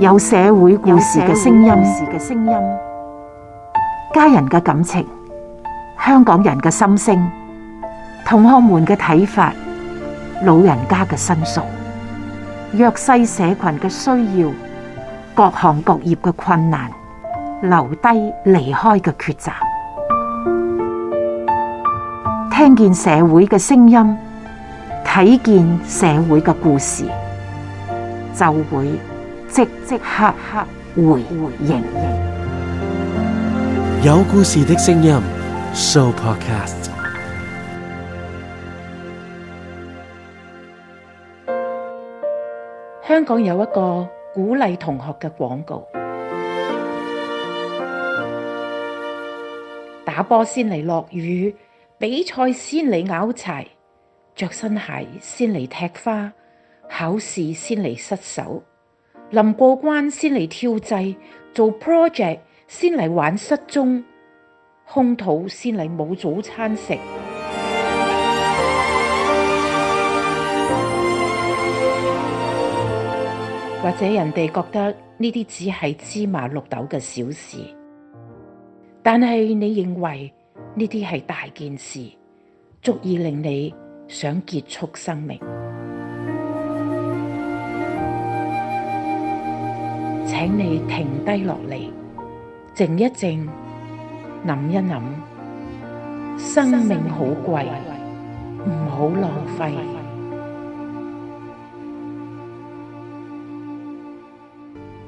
有社會故事嘅聲音，故事嘅聲音，家人嘅感情，香港人嘅心聲，同學們嘅睇法，老人家嘅申訴，弱勢社群嘅需要，各行各業嘅困難，留低離開嘅抉擇，聽見社會嘅聲音，睇見社會嘅故事，就會。即即刻刻，回回應應，有故事的聲音，So Podcast。香港有一個鼓勵同學嘅廣告：打波先嚟落雨，比賽先嚟拗柴，着新鞋先嚟踢花，考試先嚟失手。臨過關先嚟跳掣，做 project 先嚟玩失蹤，空肚先嚟冇早餐食， 或者人哋覺得呢啲只係芝麻綠豆嘅小事，但係你認為呢啲係大件事，足以令你想結束生命。請你停低落嚟，靜一靜，諗一諗，生命好貴，唔好浪費。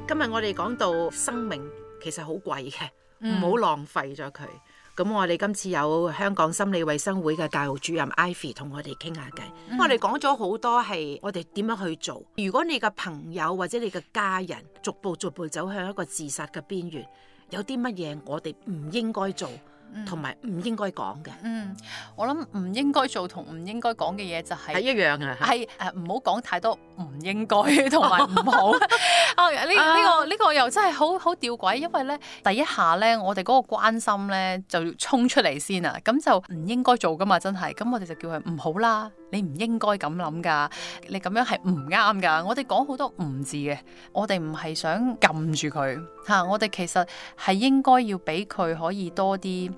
今日我哋講到生命其實好貴嘅，嗯、唔好浪費咗佢。咁我哋今次有香港心理衛生會嘅教育主任 Ivy 同我哋傾下偈，嗯、我哋講咗好多係我哋點樣去做。如果你嘅朋友或者你嘅家人逐步逐步走向一個自殺嘅邊緣，有啲乜嘢我哋唔應該做，同埋唔應該講嘅。嗯，我諗唔應該做同唔應該講嘅嘢就係、是、一樣嘅。係誒唔好講太多唔應該同埋唔好。 哦，呢呢個。呢個又真係好好吊詭，因為咧第一下咧，我哋嗰個關心咧就要衝出嚟先啊，咁就唔應該做噶嘛，真係。咁我哋就叫佢唔好啦，你唔應該咁諗噶，你咁樣係唔啱噶。我哋講好多唔字嘅，我哋唔係想撳住佢嚇、啊，我哋其實係應該要俾佢可以多啲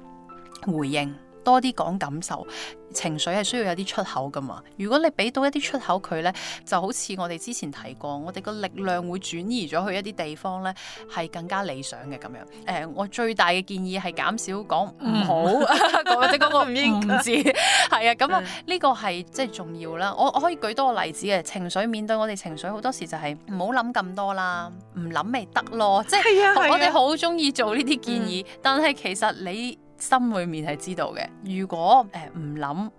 回應，多啲講感受。情緒係需要有啲出口噶嘛，如果你俾到一啲出口佢咧，就好似我哋之前提過，我哋個力量會轉移咗去一啲地方咧，係更加理想嘅咁樣。誒、呃，我最大嘅建議係減少講唔好或者嗰個唔應唔知，係、嗯、字 啊，咁啊呢個係即係重要啦。我我可以舉多個例子，嘅情緒面對我哋情緒好多時，就係唔好諗咁多啦，唔諗咪得咯。即係、啊啊、我哋好中意做呢啲建議，嗯、但係其實你。心裏面係知道嘅，如果誒唔諗，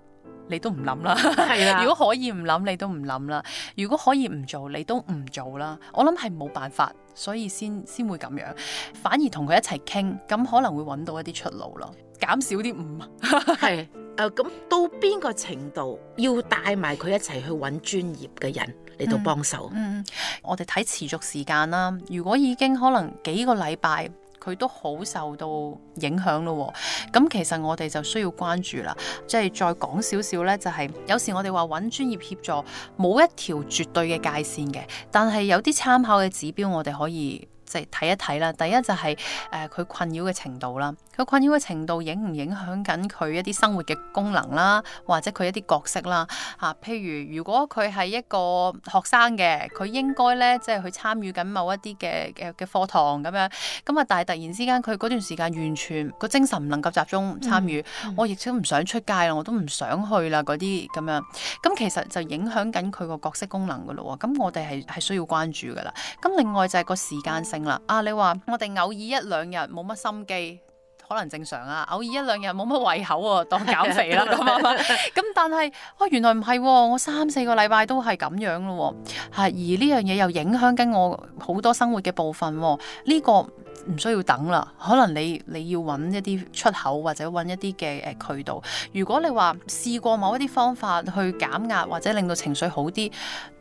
你都唔諗啦。係啊，如果可以唔諗，你都唔諗啦。如果可以唔做，你都唔做啦。我諗係冇辦法，所以先先會咁樣，反而同佢一齊傾，咁可能會搵到一啲出路咯，減少啲唔係誒。咁 是、呃、到邊個程度要帶埋佢一齊去搵專業嘅人嚟到幫手？嗯，我哋睇持續時間啦。如果已經可能幾個禮拜。佢都好受到影響咯，咁其實我哋就需要關注啦，即係再講少少呢，就係有時我哋話揾專業協助冇一條絕對嘅界線嘅，但係有啲參考嘅指標我哋可以即係睇一睇啦。第一就係誒佢困擾嘅程度啦。個困擾嘅程度影唔影響緊佢一啲生活嘅功能啦，或者佢一啲角色啦啊。譬如如果佢係一個學生嘅，佢應該呢即係去參與緊某一啲嘅嘅嘅課堂咁樣咁啊。但係突然之間佢嗰段時間完全個精神唔能夠集中參與，嗯嗯、我亦都唔想出街啦，我都唔想去啦。嗰啲咁樣咁、嗯，其實就影響緊佢個角色功能噶咯喎。咁、嗯、我哋係係需要關注噶啦。咁、嗯、另外就係個時間性啦。啊，你話我哋偶爾一兩日冇乜心機。可能正常啊，偶爾一兩日冇乜胃口喎，當減肥啦咁 但係哇、哦，原來唔係喎，我三四個禮拜都係咁樣咯喎、哦，而呢樣嘢又影響緊我好多生活嘅部分喎、哦。呢、這個唔需要等啦，可能你你要揾一啲出口或者揾一啲嘅渠道。如果你話試過某一啲方法去減壓或者令到情緒好啲，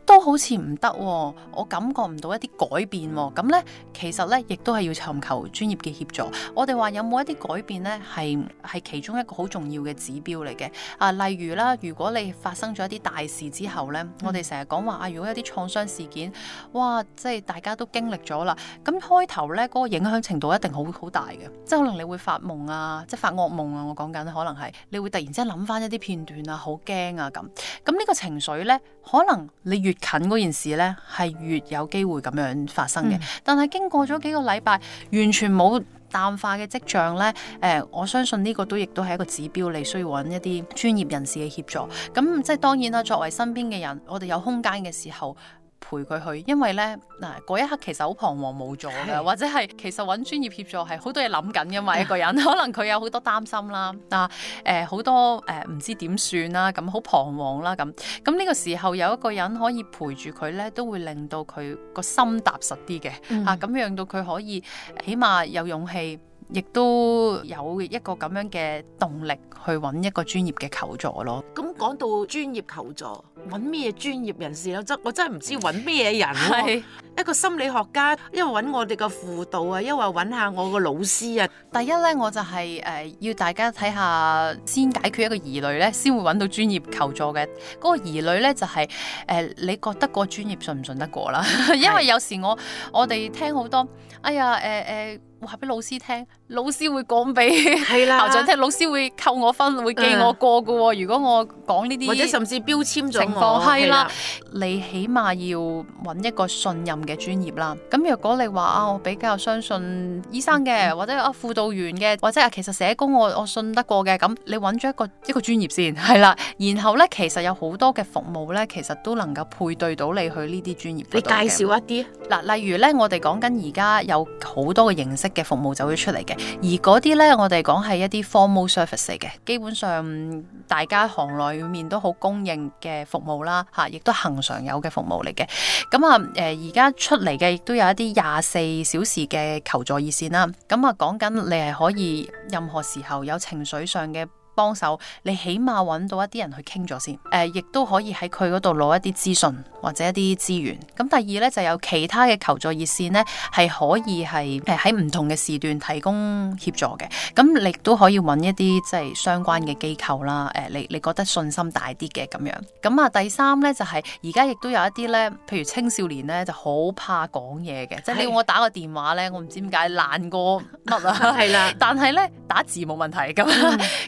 都好似唔得，我感覺唔到一啲改變、哦。咁咧，其實咧，亦都係要尋求專業嘅協助。我哋話有冇一啲改變咧，係係其中一個好重要嘅指標嚟嘅。啊，例如啦，如果你發生咗一啲大事之後咧，嗯、我哋成日講話啊，如果一啲創傷事件，哇，即係大家都經歷咗啦。咁開頭咧，嗰、嗰個影響程度一定好好大嘅，即係可能你會發夢啊，即係發噩夢啊。我講緊可能係你會突然之間諗翻一啲片段啊，好驚啊咁。咁呢個情緒咧，可能你越越近嗰件事咧，係越有機會咁樣發生嘅。但係經過咗幾個禮拜，完全冇淡化嘅跡象咧。誒、呃，我相信呢個都亦都係一個指標，你需要揾一啲專業人士嘅協助。咁即係當然啦，作為身邊嘅人，我哋有空間嘅時候。陪佢去，因為咧嗱，嗰一刻其實好彷徨無助噶，是或者係其實揾專業協助係好多嘢諗緊因為， 一個人可能佢有好多擔心啦，啊誒好、呃、多誒唔、呃、知點算、啊、啦，咁好彷徨啦咁，咁呢個時候有一個人可以陪住佢咧，都會令到佢個心踏實啲嘅，吓咁、嗯啊，讓到佢可以起碼有勇氣，亦都有一個咁樣嘅動力去揾一個專業嘅求助咯。講到專業求助，揾咩專業人士咧？真我真係唔知揾咩人。係是一個心理學家，因為揾我哋個輔導啊，因為揾下我個老師啊。第一呢，我就係、是、誒、呃，要大家睇下先解決一個疑慮呢，先會揾到專業求助嘅。嗰、那個疑慮呢，就係、是、誒、呃，你覺得個專業信唔信得過啦？ 因為有時我我哋聽好多，哎呀，誒、呃、誒、呃呃呃，話俾老師聽，老師會講俾係啦、校長聽，老師會扣我分，會記我過噶。嗯、如果我講呢啲或者甚至標籤情況係啦，你起碼要揾一個信任嘅專業啦。咁若果你話啊，我比較相信醫生嘅，或者啊輔導員嘅，或者啊其實社工我我信得過嘅，咁你揾咗一個一個專業先係啦。然後呢，其實有好多嘅服務呢，其實都能夠配對到你去呢啲專業。你介紹一啲，嗱，例如呢，我哋講緊而家有好多嘅形式嘅服務走咗出嚟嘅，而嗰啲呢，我哋講係一啲 formal service 嘅，基本上大家行內。裡面都好公認嘅服務啦，嚇，亦都恆常有嘅服務嚟嘅。咁啊，誒，而家出嚟嘅亦都有一啲廿四小時嘅求助熱線啦。咁啊，講緊你係可以任何時候有情緒上嘅幫手，你起碼揾到一啲人去傾咗先。誒、呃，亦都可以喺佢嗰度攞一啲資訊或者一啲資源。咁、嗯、第二咧，就有其他嘅求助熱線咧，係可以係誒喺唔同嘅時段提供協助嘅。咁、嗯、你都可以揾一啲即係相關嘅機構啦。誒、呃，你你覺得信心大啲嘅咁樣。咁、嗯、啊，第三咧就係而家亦都有一啲咧，譬如青少年咧就好怕講嘢嘅，即係是你要我打個電話咧，我唔知點解爛過乜啊。係 啦，但係咧打字冇問題咁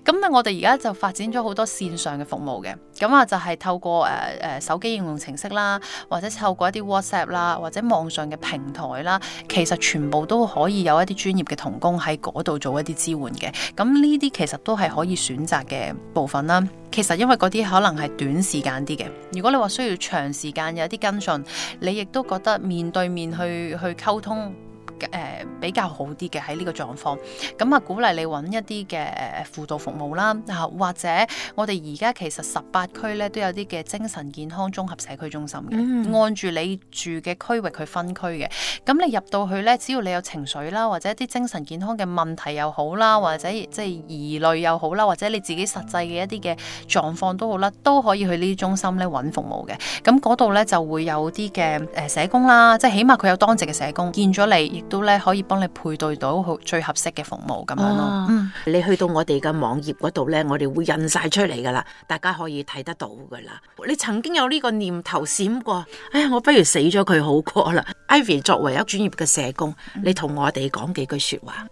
咁 我哋而家就發展咗好多線上嘅服務嘅，咁啊就係透過誒誒、呃呃、手機應用程式啦，或者透過一啲 WhatsApp 啦，或者網上嘅平台啦，其實全部都可以有一啲專業嘅同工喺嗰度做一啲支援嘅。咁呢啲其實都係可以選擇嘅部分啦。其實因為嗰啲可能係短時間啲嘅，如果你話需要長時間有啲跟進，你亦都覺得面對面去去溝通，誒、呃、比較好啲嘅喺呢個狀況，咁啊鼓勵你揾一啲嘅輔導服務啦，啊或者我哋而家其實十八區咧都有啲嘅精神健康綜合社區中心嘅，嗯、按住你住嘅區域去分區嘅，咁你入到去咧，只要你有情緒啦，或者一啲精神健康嘅問題又好啦，或者即係疑慮又好啦，或者你自己實際嘅一啲嘅狀況都好啦，都可以去呢啲中心咧揾服務嘅，咁嗰度咧就會有啲嘅誒社工啦，即係起碼佢有當值嘅社工見咗你。都咧可以幫你配對到好最合適嘅服務咁樣咯。哦嗯、你去到我哋嘅網頁嗰度咧，我哋會印晒出嚟噶啦，大家可以睇得到噶啦。你曾經有呢個念頭閃過，哎呀，我不如死咗佢好過啦。Ivy 作為一個專業嘅社工，嗯、你同我哋講幾句說話。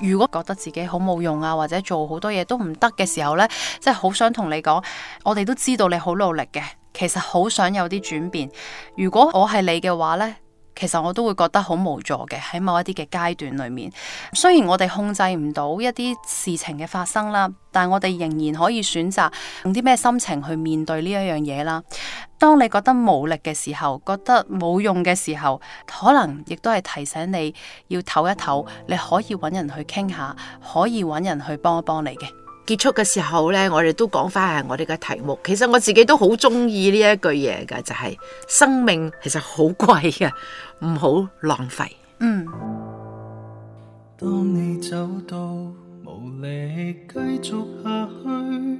如果覺得自己好冇用啊，或者做好多嘢都唔得嘅時候咧，即係好想同你講，我哋都知道你好努力嘅，其實好想有啲轉變。如果我係你嘅話咧。其實我都會覺得好無助嘅，喺某一啲嘅階段裏面，雖然我哋控制唔到一啲事情嘅發生啦，但係我哋仍然可以選擇用啲咩心情去面對呢一樣嘢啦。當你覺得無力嘅時候，覺得冇用嘅時候，可能亦都係提醒你要唞一唞。你可以揾人去傾下，可以揾人去幫一幫你嘅。結束嘅時候咧，我哋都講翻下我哋嘅題目。其實我自己都好中意呢一句嘢㗎，就係生命其實好貴㗎，唔好浪費。嗯。當你走到無力繼續下去，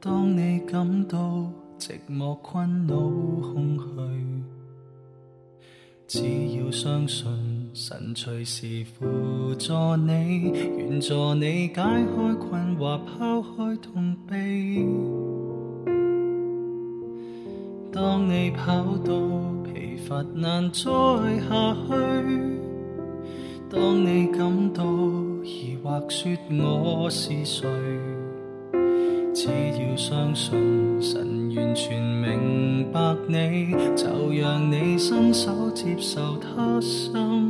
當你感到寂寞、困惱、空虛，只要相信，神隨時輔助你，願助你解開困惑、拋開痛悲。當你跑到疲乏難再下去，當你感到疑惑說我是誰，只要相信神完全明白你，就讓你伸手接受他心。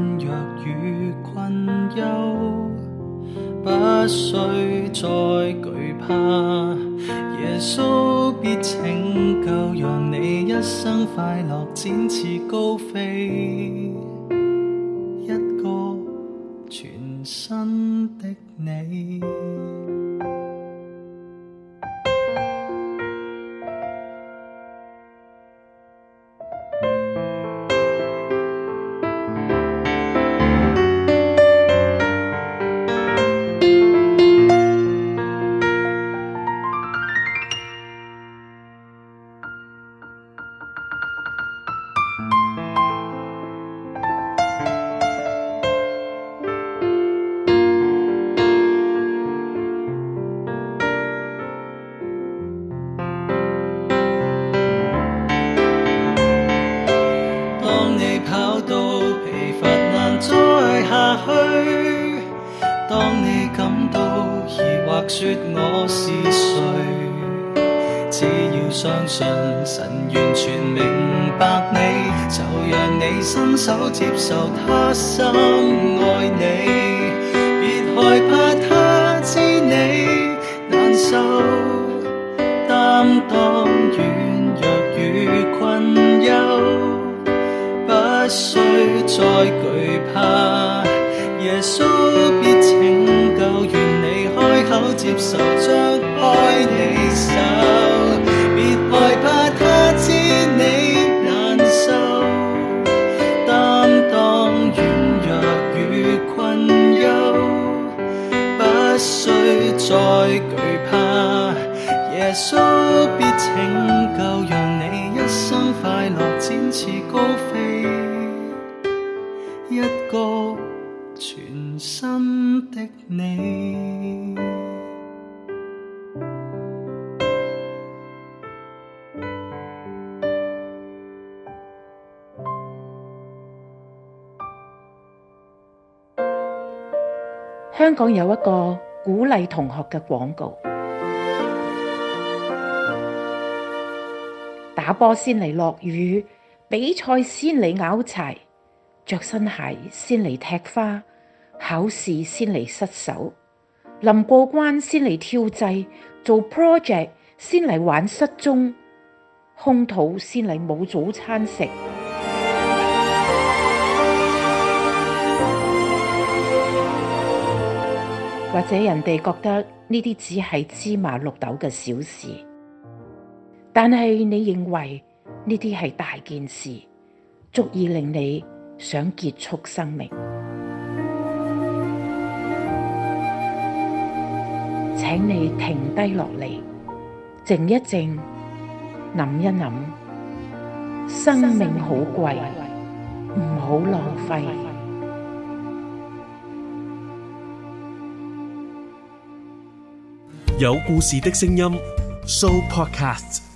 不需再懼怕，耶穌必拯救，讓你一生快樂展翅高飛，一個全新的你。信神完全明白你，就讓你伸手接受他深愛你。別害怕他知你難受，擔當軟弱與困憂，不需再懼怕。耶穌必拯救，願你開口接受，張開你手。耶穌必拯救，讓你一生快樂展翅高飛。一個全新的你。香港有一個鼓勵同學嘅廣告。打波先嚟落雨，比賽先嚟拗柴，着新鞋先嚟踢花，考試先嚟失手，臨過關先嚟跳掣，做 project 先嚟玩失蹤，空肚先嚟冇早餐食， 或者人哋覺得呢啲只係芝麻綠豆嘅小事。但係你認為呢啲係大件事，足以令你想結束生命？請你停低落嚟，靜一靜，諗一諗。生命好貴，唔好浪費。有故事的聲音，Show Podcast。